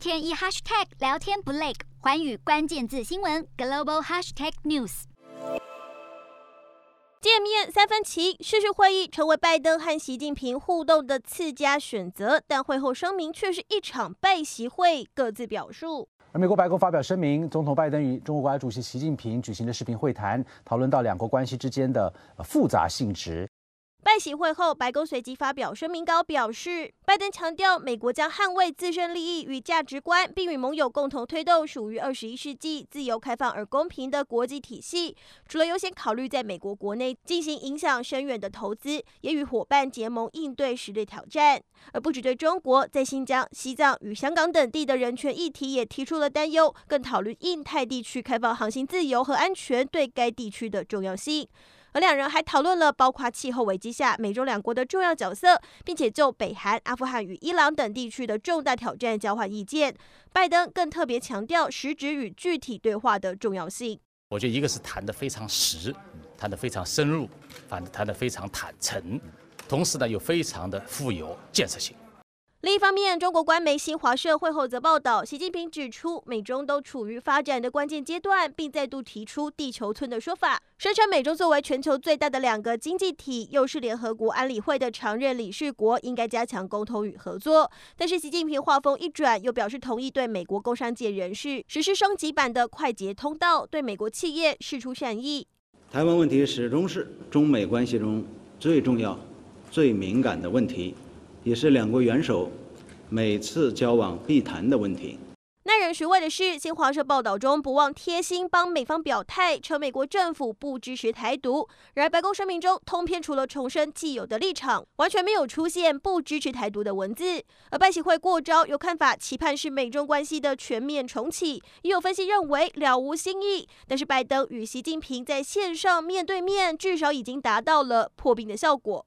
天一 hashtag 聊天不 lag，寰宇關鍵字新聞 global hashtag news，見面三分情，視訊會議成為拜登和習近平互動的次佳選擇，但會後聲明卻是一場拜習會，各自表述。而美國白宮發表聲明，總統拜登與中國國家主席習近平舉行的視頻會談，討論到兩國關係之間的複雜性質。拜習會後，白宮隨即發表聲明稿，表示拜登強調，美國將捍衛自身利益與價值觀，並與盟友共同推動屬於二十一世紀自由、開放而公平的國際體系。除了優先考慮在美國國內進行影響深遠的投資，也與夥伴結盟應對實力挑戰，而不只對中國在新疆、西藏與香港等地的人權議題也提出了擔憂，更討論印太地區開放航行自由和安全對該地區的重要性。而兩人還討論了包括氣候危機下美中兩國的重要角色，並且就北韓、阿富汗與伊朗等地區的重大挑戰交換意見。拜登更特別強調實質與具體對話的重要性。我覺得一個是談得非常實，談得非常深入，反正，談得非常坦誠，同時呢又非常的富有建設性。另一方面，中國官媒新華社會後則報道，習近平指出，美中都處於發展的關鍵階段，並再度提出“地球村”的說法，聲稱美中作為全球最大的兩個經濟體，又是聯合國安理會的常任理事國，應該加強溝通與合作。但是，習近平話鋒一轉，又表示同意對美國工商界人士實施升級版的快捷通道，對美國企業釋出善意。台灣問題始終是中美關係中最重要、最敏感的問題。也是兩國元首每次交往必談的問題。耐人尋味的是，新華社報道中不忘貼心幫美方表態，稱美國政府不支持台獨。然而，白宮聲明中通篇除了重申既有的立場，完全沒有出現不支持台獨的文字。而拜習會過招有看法，期盼是美中關係的全面重啟。也有分析認為，了無新意。但是，拜登與習近平在線上面對面，至少已經達到了破冰的效果。